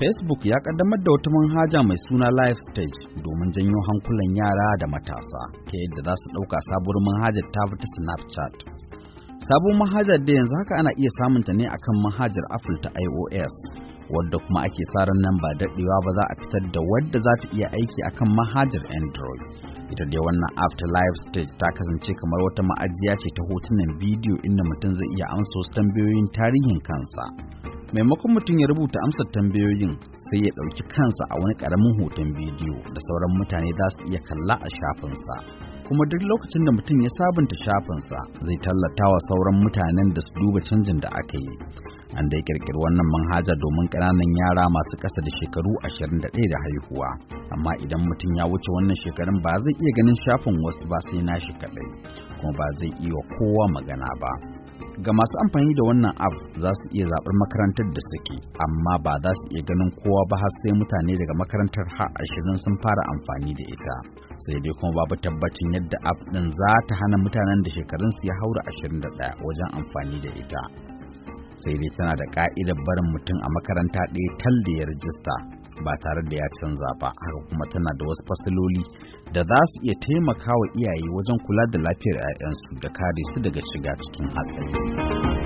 Facebook ya kaddamar da wata manhaja mai suna Live Stage domin janyo hankulan yara da matasa ta yadda za su ɗauka sabuwar manhajar ta fita Snapchat. Sabuwar manhajar da yanzu haka ana iya samunta ne akan manhajar Apple ta iOS, wadda kuma ake sa ran nan ba daɗewa ba za a fitar da wadda za ta iya aiki akan manhajar Android. Ita dai wannan app ta Live Stage ta kasance kamar wata ma'ajiya ce ta hotunan bidiyo inda mutum zai iya amsa wasu tambayoyin tarihin kansa. maimakon mutum ya rubuta amsar tambayoyin sai ya ɗauki kansa a wani ƙaramin hoton bidiyo da sauran mutane za su iya kalla a shafinsa kuma duk lokacin da mutum ya sabunta shafinsa zai tallata wa sauran mutanen da su duba canjin da aka yi an dai kirkiri wannan manhaja domin ƙananan yara masu ƙasa da shekaru 21 da haihuwa amma idan mutum ya wuce wannan shekarun ba zai iya ganin shafin wasu ba sai nashi kaɗai kuma ba zai iya kowa magana ba ga masu amfani da wannan app za su iya zaɓar makarantar da suke amma ba za su iya ganin kowa ba har sai mutane daga makarantar har ashirin sun fara amfani da ita sai dai kuma babu tabbacin yadda app ɗin za ta hana mutanen da shekarunsu ya haura ashirin da ɗaya wajen amfani da ita sai dai tana da ƙa'idar barin mutum a makaranta ɗaya tal da ya rajista ba tare da ya canza ba haka kuma tana da wasu fasaloli da za su iya taimaka wa iyaye wajen kula da lafiyar 'ya'yansu da kare su daga shiga cikin hatsari.